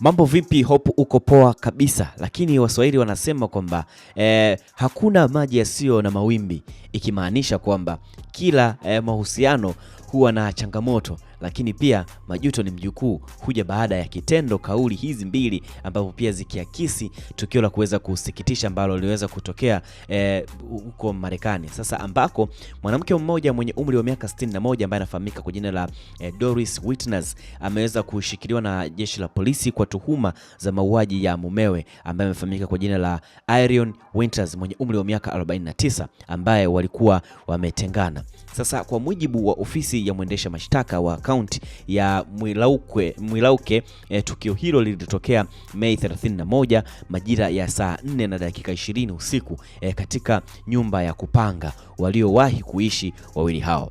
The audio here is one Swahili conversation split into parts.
Mambo vipi? Hope uko poa kabisa, lakini Waswahili wanasema kwamba eh, hakuna maji yasiyo na mawimbi, ikimaanisha kwamba kila eh, mahusiano huwa na changamoto lakini pia majuto ni mjukuu huja baada ya kitendo. Kauli hizi mbili ambapo pia zikiakisi tukio la kuweza kusikitisha ambalo liliweza kutokea eh, huko eh, Marekani sasa, ambako mwanamke mmoja mwenye umri wa miaka 61 ambaye anafahamika kwa jina la eh, Doris Witness ameweza kushikiliwa na jeshi la polisi kwa tuhuma za mauaji ya mumewe ambaye amefahamika kwa jina la Irion Winters mwenye umri wa miaka 49 ambaye walikuwa wametengana. Sasa kwa mujibu wa ofisi ya mwendesha mashtaka wa akaunti ya Mwilauke, Mwilauke eh, tukio hilo lilitokea Mei 31 majira ya saa 4 na dakika 20 usiku eh, katika nyumba ya kupanga waliowahi kuishi wawili hao.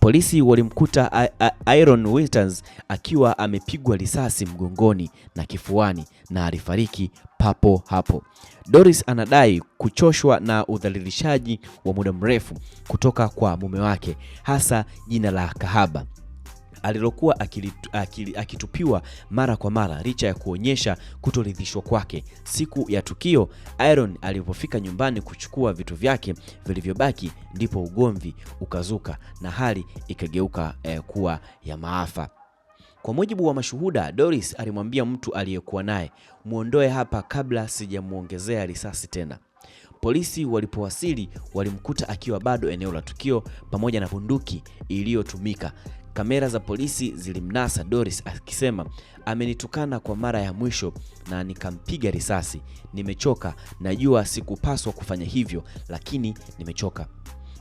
Polisi walimkuta Iron Winters akiwa amepigwa risasi mgongoni na kifuani na alifariki papo hapo. Doris anadai kuchoshwa na udhalilishaji wa muda mrefu kutoka kwa mume wake, hasa jina la kahaba alilokuwa akili, akitupiwa mara kwa mara licha ya kuonyesha kutoridhishwa kwake. Siku ya tukio, Iron alipofika nyumbani kuchukua vitu vyake vilivyobaki, ndipo ugomvi ukazuka na hali ikageuka eh, kuwa ya maafa. Kwa mujibu wa mashuhuda, Doris alimwambia mtu aliyekuwa naye, muondoe hapa kabla sijamwongezea risasi tena. Polisi walipowasili walimkuta akiwa bado eneo la tukio pamoja na bunduki iliyotumika. Kamera za polisi zilimnasa Doris akisema, amenitukana kwa mara ya mwisho na nikampiga risasi. Nimechoka, najua sikupaswa kufanya hivyo, lakini nimechoka.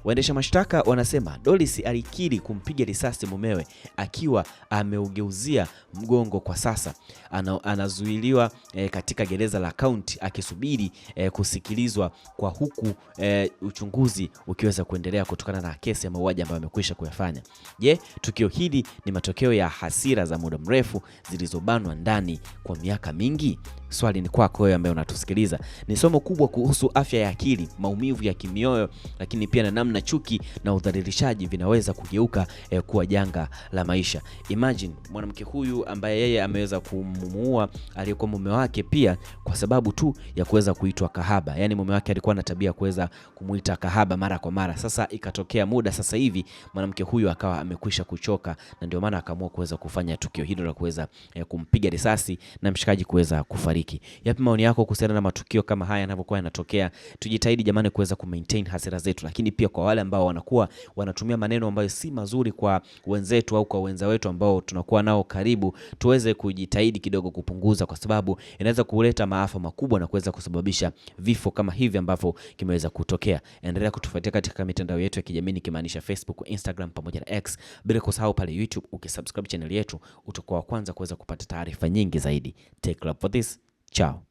Waendesha mashtaka wanasema dolis alikiri kumpiga risasi mumewe akiwa ameugeuzia mgongo. Kwa sasa ana, anazuiliwa e, katika gereza la kaunti akisubiri e, kusikilizwa kwa huku e, uchunguzi ukiweza kuendelea kutokana na kesi ya mauaji ambayo amekwisha kuyafanya. Je, tukio hili ni matokeo ya hasira za muda mrefu zilizobanwa ndani kwa miaka mingi? Swali ni kwako wewe ambaye unatusikiliza. Ni somo kubwa kuhusu afya ya akili, maumivu ya kimioyo, lakini pia na namna chuki na udhalilishaji vinaweza kugeuka eh, kuwa janga la maisha. Imagine mwanamke huyu ambaye yeye ameweza kumuua aliyekuwa mume wake pia kwa sababu tu ya kuweza kuitwa kahaba. Yani mume wake alikuwa na tabia kuweza kumuita kahaba mara kwa mara. Sasa ikatokea muda sasa hivi mwanamke huyu akawa amekwisha kuchoka na ndio maana akaamua kuweza kufanya tukio hilo la kuweza eh, kumpiga risasi na mshikaji kuweza kufa kutubariki. Yapi maoni yako kuhusiana na matukio kama haya yanavyokuwa yanatokea? Tujitahidi jamani kuweza kumaintain hasira zetu, lakini pia kwa wale ambao wanakuwa wanatumia maneno ambayo si mazuri kwa wenzetu au kwa wenza wetu ambao tunakuwa nao karibu, tuweze kujitahidi kidogo kupunguza, kwa sababu inaweza kuleta maafa makubwa na kuweza kusababisha vifo kama hivi ambavyo kimeweza kutokea. Endelea kutufuatia katika mitandao yetu ya kijamii nikimaanisha Facebook, Instagram pamoja na X, bila kusahau pale YouTube. Ukisubscribe channel yetu utakuwa wa kwanza kuweza kupata taarifa nyingi zaidi. Take love for this. Tchau.